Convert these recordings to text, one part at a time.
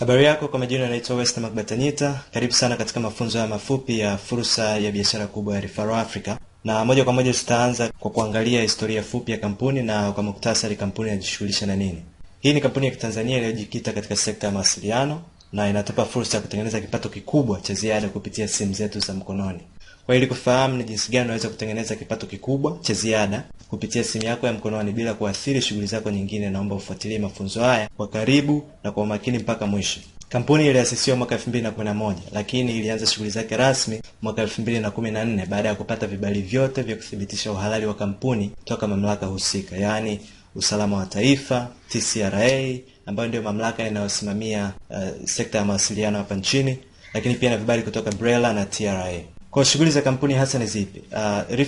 Habari yako kwa majina, anaitwa West Magbatanyita. Karibu sana katika mafunzo haya mafupi ya fursa ya biashara kubwa ya rifaro Africa, na moja kwa moja tutaanza kwa kuangalia historia fupi ya kampuni na kwa muktasari, kampuni inajishughulisha na nini. Hii ni kampuni ya Kitanzania iliyojikita katika sekta ya mawasiliano na inatupa fursa ya kutengeneza kipato kikubwa cha ziada kupitia simu zetu za mkononi. Kwa ili kufahamu ni jinsi gani unaweza kutengeneza kipato kikubwa cha ziada kupitia simu yako ya mkononi bila kuathiri shughuli zako nyingine, naomba ufuatilie mafunzo haya kwa karibu na kwa umakini mpaka mwisho. Kampuni iliasisiwa mwaka elfu mbili na na kumi moja lakini ilianza shughuli zake rasmi mwaka elfu mbili na na kumi nne baada ya kupata vibali vyote vya kuthibitisha uhalali wa kampuni toka mamlaka husika, yaani usalama wa taifa TCRA, ambayo ndio mamlaka inayosimamia uh, sekta ya mawasiliano hapa nchini, lakini pia na vibali kutoka BRELA na TRA. Kwa shughuli za kampuni hasa ni zipi?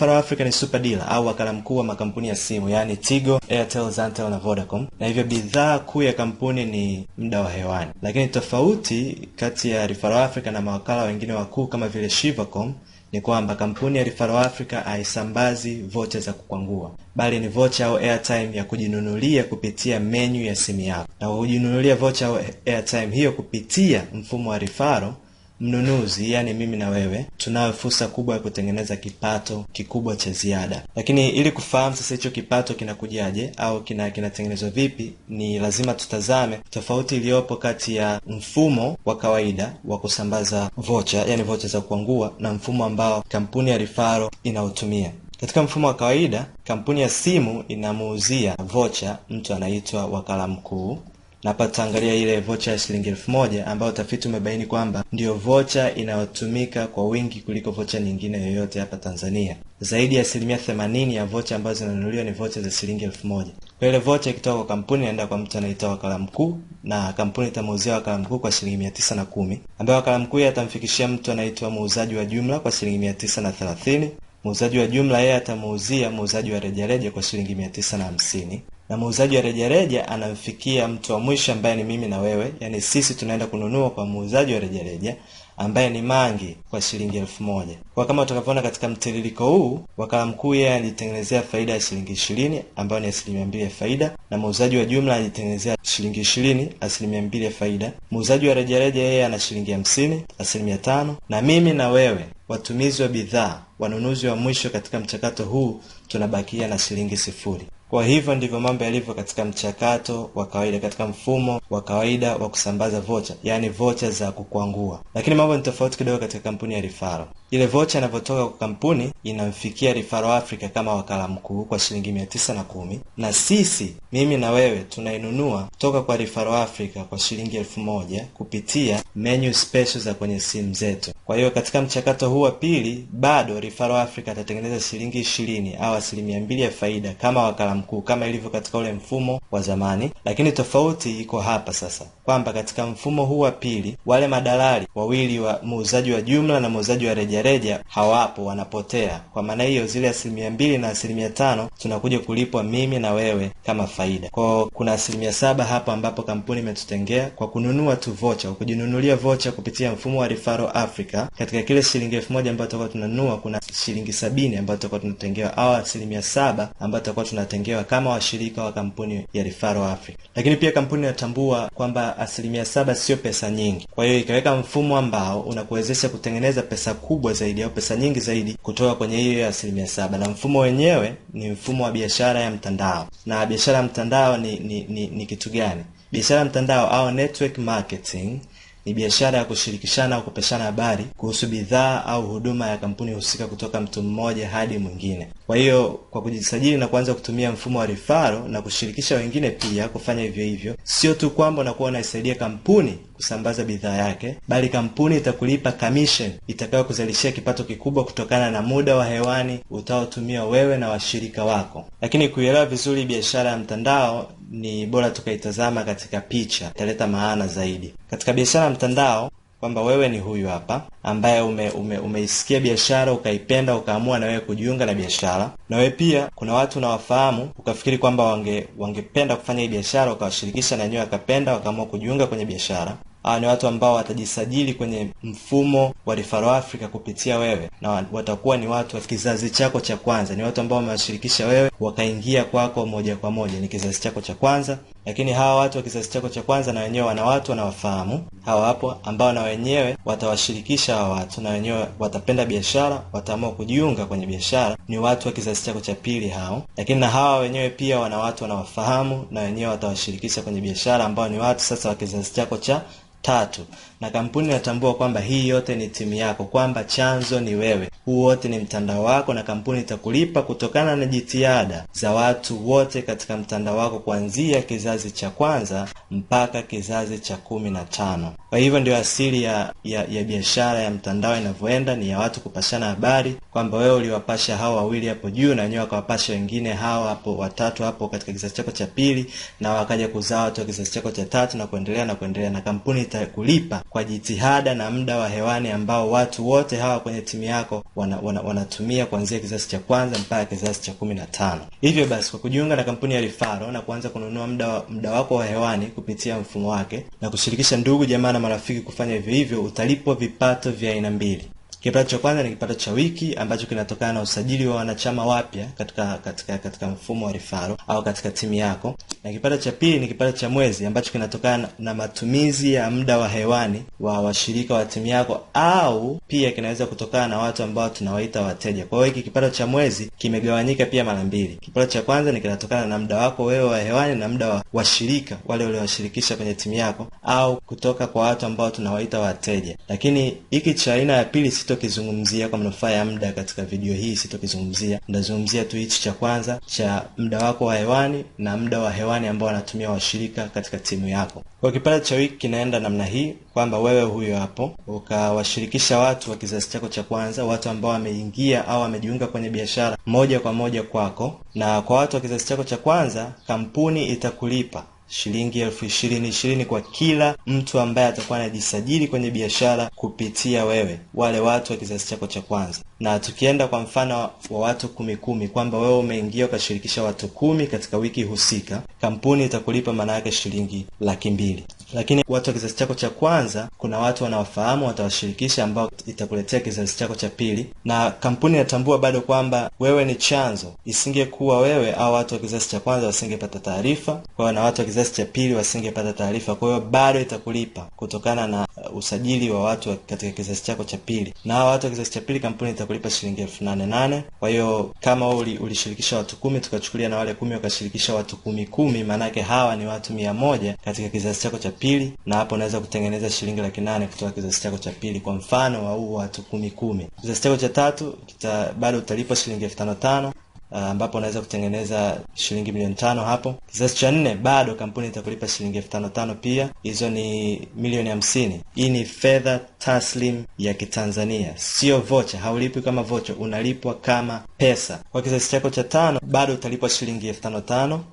Uh, Africa ni super dealer au wakala mkuu wa makampuni ya simu yaani Tigo, Airtel, Zantel na Vodacom, na hivyo bidhaa kuu ya kampuni ni muda wa hewani. Lakini tofauti kati ya Referral Africa na mawakala wengine wakuu kama vile Shivacom ni kwamba kampuni ya rifaro Africa haisambazi vocha za kukwangua, bali ni vocha au airtime ya kujinunulia kupitia menyu ya simu yako, na kujinunulia vocha au airtime hiyo kupitia mfumo wa rifaro mnunuzi, yani mimi na wewe, tunayo fursa kubwa ya kutengeneza kipato kikubwa cha ziada. Lakini ili kufahamu sasa hicho kipato kinakujaje au kina kinatengenezwa vipi, ni lazima tutazame tofauti iliyopo kati ya mfumo wa kawaida wa kusambaza vocha, yani vocha za kuangua, na mfumo ambao kampuni ya Rifaro inaotumia. Katika mfumo wa kawaida, kampuni ya simu inamuuzia vocha mtu anaitwa wakala mkuu napa tutaangalia ile vocha ya shilingi elfu moja ambayo utafiti umebaini kwamba ndiyo vocha inayotumika kwa wingi kuliko vocha nyingine yoyote hapa Tanzania. Zaidi ya asilimia themanini ya vocha ambazo zinanunuliwa ni vocha za shilingi elfu moja. Kwa ile vocha ikitoka kwa kampuni inaenda kwa mtu anaitwa wakala mkuu, na kampuni itamuuzia wakala mkuu kwa shilingi mia tisa na kumi ambaye wakala mkuu atamfikishia mtu anaitwa muuzaji wa jumla kwa shilingi mia tisa na thelathini. Muuzaji wa jumla yeye atamuuzia muuzaji wa rejareja kwa shilingi mia tisa na hamsini na muuzaji wa rejareja anamfikia mtu wa mwisho ambaye ni mimi na wewe, yani sisi tunaenda kununua kwa muuzaji wa rejareja ambaye ni mangi kwa shilingi elfu moja. Kwa kama utakavyoona katika mtiririko huu, wakala mkuu yeye anajitengenezea faida ya shilingi ishirini ambayo ni asilimia mbili ya faida, na muuzaji wa jumla anajitengenezea shilingi ishirini, asilimia mbili ya faida. Muuzaji wa rejareja yeye ana shilingi hamsini, asilimia tano, na mimi na wewe watumizi wa bidhaa, wanunuzi wa mwisho katika mchakato huu tunabakia na shilingi sifuri. Kwa hivyo ndivyo mambo yalivyo katika mchakato wa kawaida, katika mfumo wa kawaida wa kusambaza vocha, yaani vocha za kukwangua. Lakini mambo ni tofauti kidogo katika kampuni ya Rifaro. Ile vocha inavyotoka kwa kampuni inamfikia Rifaro Africa kama wakala mkuu kwa shilingi mia tisa na kumi na sisi, mimi na wewe, tunainunua kutoka kwa Rifaro Africa kwa shilingi elfu moja kupitia menu special za kwenye simu zetu. Kwa hiyo katika mchakato huu wa pili bado Rifaro Africa atatengeneza shilingi ishirini au asilimia mbili ya faida kama wakala mkuu, kama ilivyo katika ule mfumo wa zamani, lakini tofauti iko hapa sasa kwamba katika mfumo huu wa pili wale madalali wawili wa muuzaji wa jumla na muuzaji wa reja rejareja hawapo, wanapotea. Kwa maana hiyo zile asilimia mbili na asilimia tano tunakuja kulipwa mimi na wewe kama faida kwao. Kuna asilimia saba hapo ambapo kampuni imetutengea kwa kununua tu vocha, kujinunulia vocha kupitia mfumo wa Rifaro Africa. Katika kile shilingi elfu moja ambayo tutakuwa tunanunua, kuna shilingi sabini ambayo tutakuwa tunatengewa au asilimia saba ambayo tutakuwa tunatengewa kama washirika wa kampuni ya Rifaro Africa. Lakini pia kampuni inatambua kwamba asilimia saba sio pesa nyingi, kwa hiyo ikaweka mfumo ambao unakuwezesha kutengeneza pesa kubwa zaidi au pesa nyingi zaidi kutoka kwenye hiyo ya asilimia saba, na mfumo wenyewe ni mfumo wa biashara ya mtandao. Na biashara ya mtandao ni, ni, ni, ni kitu gani? Biashara ya mtandao au network marketing ni biashara ya kushirikishana au kupeshana habari kuhusu bidhaa au huduma ya kampuni husika kutoka mtu mmoja hadi mwingine. Kwa hiyo, kwa kujisajili na kuanza kutumia mfumo wa rifaro na kushirikisha wengine pia kufanya hivyo hivyo, sio tu kwamba unakuwa unaisaidia kampuni kusambaza bidhaa yake, bali kampuni itakulipa kamishen itakayokuzalishia kipato kikubwa kutokana na muda wa hewani utaotumia wewe na washirika wako. Lakini kuielewa vizuri biashara ya mtandao ni bora tukaitazama katika picha, italeta maana zaidi katika biashara ya mtandao, kwamba wewe ni huyu hapa ambaye ume, ume, biashara ukaipenda, ukaamua na wewe kujiunga na biashara. Na wewe pia kuna watu unawafahamu ukafikiri kwamba wange, wangependa kufanya hii biashara, ukawashirikisha nanyewe akapenda wakaamua kujiunga kwenye biashara uh, ni watu ambao watajisajili kwenye mfumo wa Rifaro Africa kupitia wewe, na watakuwa ni watu wa kizazi chako cha kwanza, ni watu ambao wamewashirikisha wewe wakaingia kwako moja kwa moja, ni kizazi chako cha kwanza. Lakini hawa watu wa kizazi chako cha kwanza na wenyewe wana watu wanawafahamu hawa wapo ambao na wenyewe watawashirikisha hawa watu, na wenyewe watapenda biashara, wataamua kujiunga kwenye biashara. Ni watu wa kizazi chako cha pili hao, lakini na hawa wenyewe pia wana watu wanawafahamu, na wenyewe watawashirikisha kwenye biashara, ambao ni watu sasa wa kizazi chako cha Tatu, na kampuni inatambua kwamba hii yote ni timu yako, kwamba chanzo ni wewe, huu wote ni mtandao wako, na kampuni itakulipa kutokana na jitihada za watu wote katika mtandao wako, kuanzia kizazi cha kwanza mpaka kizazi cha kumi na tano. Kwa hivyo ndio asili ya, ya, ya biashara ya mtandao inavyoenda, ni ya watu kupashana habari kwamba wewe uliwapasha hawa wawili hapo juu, na wenyewe wakawapasha wengine hawa hapo watatu hapo katika kizazi chako cha pili, na wakaja kuzaa watu wa kizazi chako cha tatu na kuendelea na kuendelea, na kampuni itakulipa kwa jitihada na muda wa hewani ambao watu wote hawa kwenye timu yako wanatumia wana, wana kuanzia kizazi cha kwanza mpaka kizazi cha kumi na tano. Hivyo basi kwa kujiunga na kampuni ya Rifaro na kuanza kununua muda wa, muda wako wa hewani kupitia mfumo wake na kushirikisha ndugu jamaa na marafiki kufanya hivyo hivyo, utalipwa vipato vya aina mbili. Kipato cha kwanza ni kipato cha wiki ambacho kinatokana na usajili wa wanachama wapya katika katika katika mfumo wa rifaro au katika timu yako, na kipato cha pili ni kipato cha mwezi ambacho kinatokana na matumizi ya muda wa hewani wa washirika wa timu yako, au pia kinaweza kutokana na watu ambao tunawaita wateja. Kwa hiyo hiki kipato cha mwezi kimegawanyika pia mara mbili. Kipato cha kwanza ni kinatokana na muda wako wewe wa hewani na muda wa washirika wale uliowashirikisha kwenye timu yako, au kutoka kwa watu ambao tunawaita wateja. Lakini hiki cha aina ya pili sito sitokizungumzia kwa manufaa ya muda katika video hii, sitokizungumzia. Nitazungumzia tu hichi cha kwanza cha muda wako wa hewani na muda wa hewani ambao wanatumia washirika katika timu yako. Kwa kipande cha wiki kinaenda namna hii kwamba wewe huyo hapo ukawashirikisha watu wa kizazi chako cha kwanza, watu ambao wameingia au wamejiunga kwenye biashara moja kwa moja kwako, na kwa watu wa kizazi chako cha kwanza kampuni itakulipa shilingi elfu ishirini ishirini kwa kila mtu ambaye atakuwa anajisajili kwenye biashara kupitia wewe, wale watu wa kizazi chako cha kwanza. Na tukienda kwa mfano wa watu kumi kumi, kwamba wewe umeingia ukashirikisha watu kumi katika wiki husika, kampuni itakulipa maana yake shilingi laki mbili lakini watu wa kizazi chako cha kwanza, kuna watu wanawafahamu, watawashirikisha, ambao itakuletea kizazi chako cha pili, na kampuni inatambua bado kwamba wewe ni chanzo. Isingekuwa wewe au watu wa kizazi cha kwanza wasingepata taarifa, kwao na watu wa kizazi cha pili wasingepata taarifa, kwa hiyo bado itakulipa kutokana na usajili wa watu katika kizazi chako cha pili, na hawa watu wa kizazi cha pili kampuni itakulipa shilingi elfu nane nane. Kwa hiyo kama wewe ulishirikisha watu kumi, tukachukulia na wale kumi wakashirikisha watu kumi kumi, maanake hawa ni watu mia moja katika kizazi chako cha pili, na hapo unaweza kutengeneza shilingi laki nane kutoka kizazi chako cha pili, kwa mfano wa huu watu kumi kumi. Kizazi chako cha tatu kita, bado utalipa shilingi elfu tano tano Ah, ambapo unaweza kutengeneza shilingi milioni tano hapo. Kizazi cha nne bado kampuni itakulipa shilingi elfu tano tano pia, hizo ni milioni hamsini. Hii ni fedha taslim ya Kitanzania, sio vocha. Haulipwi kama vocha, unalipwa kama pesa. Kwa kizazi chako cha tano bado utalipwa shilingi elfu tano tano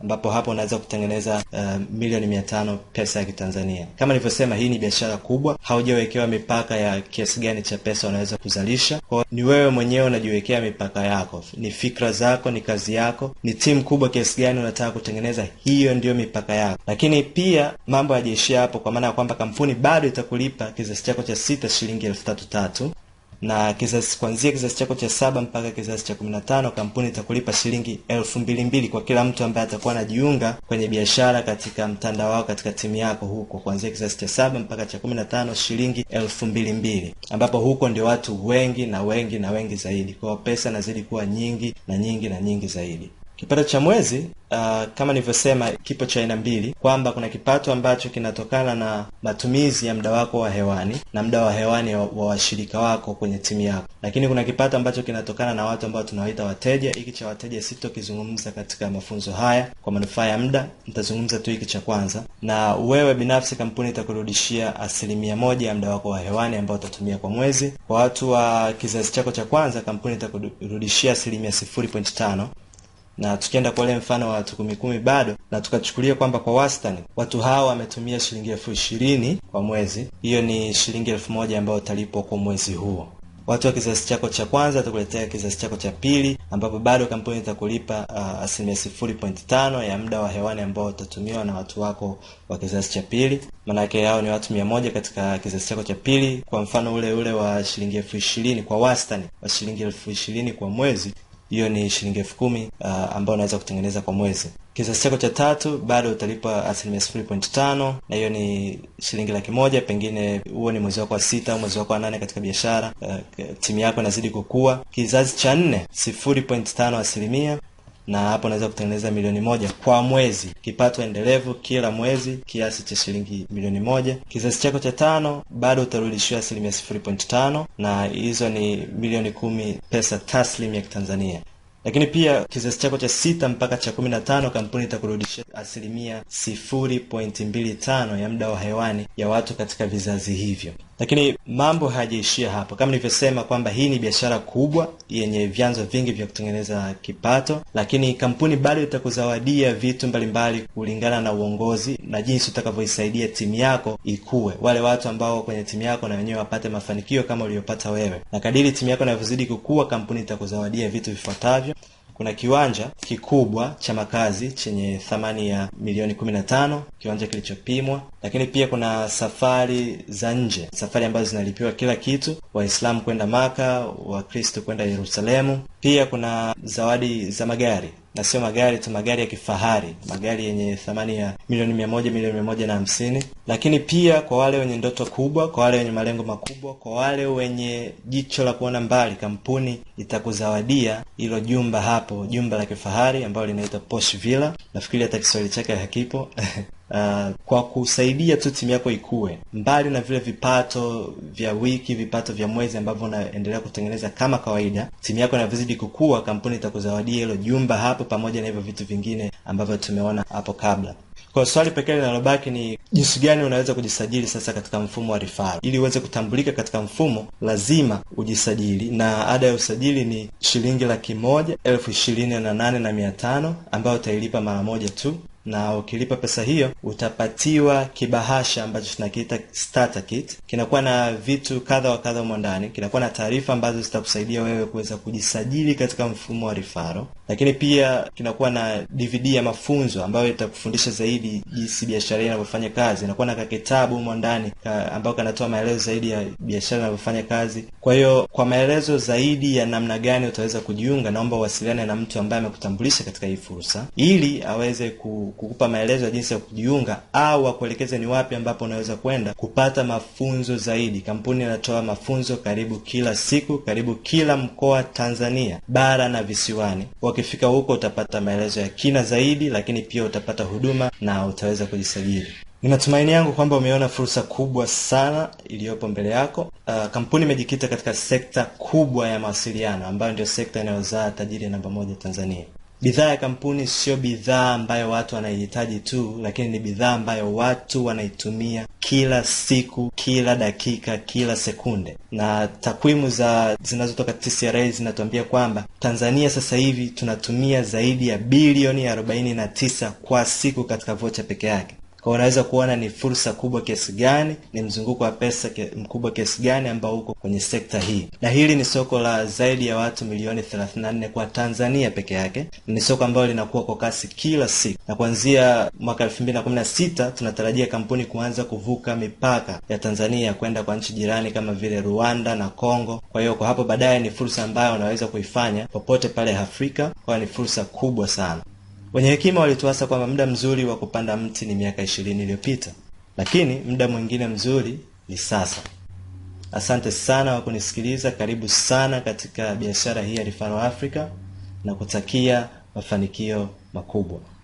ambapo hapo unaweza kutengeneza uh, milioni mia tano pesa ya Kitanzania. Kama nilivyosema, hii ni biashara kubwa, haujawekewa mipaka ya kiasi gani cha pesa unaweza kuzalisha. Kwa ni wewe mwenyewe unajiwekea mipaka yako, ni fikra zako, ni kazi yako, ni timu kubwa kiasi gani unataka kutengeneza, hiyo ndiyo mipaka yako. Lakini pia mambo yajaishia hapo, kwa maana ya kwamba kampuni bado itakulipa kizazi chako cha sita shilingi elfu tatu tatu na kizazi kuanzia kizazi chako cha saba mpaka kizazi cha kumi na tano kampuni itakulipa shilingi elfu mbili mbili kwa kila mtu ambaye atakuwa anajiunga kwenye biashara katika mtandao wao katika timu yako huko kuanzia kizazi cha saba mpaka cha kumi na tano shilingi elfu mbili mbili ambapo huko ndio watu wengi na wengi na wengi zaidi kwao pesa nazidi kuwa nyingi na nyingi na nyingi zaidi Kipato cha mwezi uh, kama nilivyosema kipo cha aina mbili, kwamba kuna kipato ambacho kinatokana na matumizi ya muda wako wa hewani na muda wa hewani wa washirika wako kwenye timu yako, lakini kuna kipato ambacho kinatokana na watu ambao tunawaita wateja. Hiki cha wateja sitokizungumza katika mafunzo haya kwa manufaa ya muda, nitazungumza tu hiki cha kwanza, na wewe binafsi kampuni itakurudishia asilimia moja ya muda wako wa hewani ambao utatumia kwa mwezi. Kwa watu wa kizazi chako cha kwanza, kampuni itakurudishia asilimia sifuri pointi tano na tukienda kwa ule mfano wa watu kumi kumi bado, na tukachukulia kwamba kwa wastani watu hawa wametumia shilingi elfu ishirini kwa mwezi, hiyo ni shilingi elfu moja ambayo utalipwa kwa mwezi huo. Watu wa kizazi chako cha kwanza atakuletea kizazi chako cha pili, ambapo bado kampuni itakulipa uh, asilimia sifuri point tano ya muda wa hewani ambao utatumiwa na watu wako wa kizazi cha pili. Maanake hao ni watu mia moja katika kizazi chako cha pili. Kwa mfano ule ule wa shilingi elfu ishirini kwa wastani wa shilingi elfu ishirini kwa mwezi, hiyo ni shilingi elfu kumi uh, ambayo unaweza kutengeneza kwa mwezi. kizazi chako cha tatu bado utalipa asilimia sifuri point tano na hiyo ni shilingi laki moja. Pengine huo ni mwezi wako wa sita au mwezi wako wa nane katika biashara. Uh, timu yako inazidi kukua. Kizazi cha nne sifuri point tano asilimia na hapo naweza kutengeneza milioni moja kwa mwezi, kipato endelevu kila mwezi kiasi cha shilingi milioni moja. Kizazi chako cha tano bado utarudishiwa asilimia sifuri pointi tano na hizo ni milioni kumi pesa taslimu ya Kitanzania lakini pia kizazi chako cha sita mpaka cha kumi na tano kampuni itakurudishia asilimia sifuri pointi mbili tano ya muda wa hewani ya watu katika vizazi hivyo. Lakini mambo hayajaishia hapo. Kama nilivyosema kwamba hii ni biashara kubwa yenye vyanzo vingi vya kutengeneza kipato, lakini kampuni bado itakuzawadia vitu mbalimbali kulingana na uongozi na jinsi utakavyoisaidia timu yako ikuwe wale watu ambao kwenye timu yako na wenyewe wapate mafanikio kama uliyopata wewe, na kadiri timu yako inavyozidi kukua, kampuni itakuzawadia vitu vifuatavyo kuna kiwanja kikubwa cha makazi chenye thamani ya milioni kumi na tano, kiwanja kilichopimwa. Lakini pia kuna safari za nje, safari ambazo zinalipiwa kila kitu, Waislamu kwenda Maka, Wakristo kwenda Yerusalemu. Pia kuna zawadi za magari na sio magari tu, magari ya kifahari, magari yenye thamani ya milioni mia moja, milioni mia moja na hamsini. Lakini pia kwa wale wenye ndoto kubwa, kwa wale wenye malengo makubwa, kwa wale wenye jicho la kuona mbali, kampuni itakuzawadia hilo jumba hapo, jumba la kifahari ambalo linaitwa Posh Villa. Nafikiri hata Kiswahili chake hakipo uh, kwa kusaidia tu timu yako ikue, mbali na vile vipato vya wiki, vipato vya mwezi ambavyo unaendelea kutengeneza kama kawaida. Timu yako inavyozidi kukua, kampuni itakuzawadia hilo jumba hapo, pamoja na hivyo vitu vingine ambavyo tumeona hapo kabla. Kwa swali pekee linalobaki ni jinsi gani unaweza kujisajili sasa katika mfumo wa rifaa. Ili uweze kutambulika katika mfumo, lazima ujisajili, na ada ya usajili ni shilingi laki moja elfu ishirini na nane na mia tano ambayo utailipa mara moja tu na ukilipa pesa hiyo utapatiwa kibahasha ambacho tunakiita starter kit. Kinakuwa na vitu kadha wa kadha humo ndani, kinakuwa na taarifa ambazo zitakusaidia wewe kuweza kujisajili katika mfumo wa rifaro, lakini pia kinakuwa na DVD ya mafunzo ambayo itakufundisha zaidi jinsi biashara hii inavyofanya kazi. Inakuwa na kakitabu humo ndani ka ambayo kanatoa maelezo zaidi ya biashara inavyofanya kazi. Kwa hiyo kwa maelezo zaidi ya namna gani utaweza kujiunga, naomba uwasiliane na mtu ambaye amekutambulisha katika hii fursa ili aweze ku kukupa maelezo ya jinsi ya kujiunga au akuelekeze ni wapi ambapo unaweza kwenda kupata mafunzo zaidi. Kampuni inatoa mafunzo karibu kila siku, karibu kila mkoa Tanzania bara na visiwani. Wakifika huko utapata maelezo ya kina zaidi, lakini pia utapata huduma na utaweza kujisajili. Ni matumaini yangu kwamba umeona fursa kubwa sana iliyopo mbele yako. Uh, kampuni imejikita katika sekta kubwa ya mawasiliano ambayo ndio sekta inayozaa tajiri namba moja Tanzania bidhaa ya kampuni sio bidhaa ambayo watu wanaihitaji tu, lakini ni bidhaa ambayo watu wanaitumia kila siku, kila dakika, kila sekunde. Na takwimu za zinazotoka TCRA zinatuambia kwamba Tanzania sasa hivi tunatumia zaidi ya bilioni 49 kwa siku katika vocha peke yake. Kwa unaweza kuona ni fursa kubwa kiasi gani, ni mzunguko wa pesa mkubwa kiasi gani ambao uko kwenye sekta hii, na hili ni soko la zaidi ya watu milioni 34 kwa Tanzania peke yake. Ni soko ambalo linakuwa kwa kasi kila siku, na kuanzia mwaka 2016 tunatarajia kampuni kuanza kuvuka mipaka ya Tanzania kwenda kwa nchi jirani kama vile Rwanda na Kongo. Kwa hiyo kwa hapo baadaye ni fursa ambayo unaweza kuifanya popote pale Afrika, kwa ni fursa kubwa sana. Wenye hekima walituasa kwamba muda mzuri wa kupanda mti ni miaka ishirini iliyopita, lakini muda mwingine mzuri ni sasa. Asante sana wa kunisikiliza. Karibu sana katika biashara hii ya Rifaro Africa na kutakia mafanikio makubwa.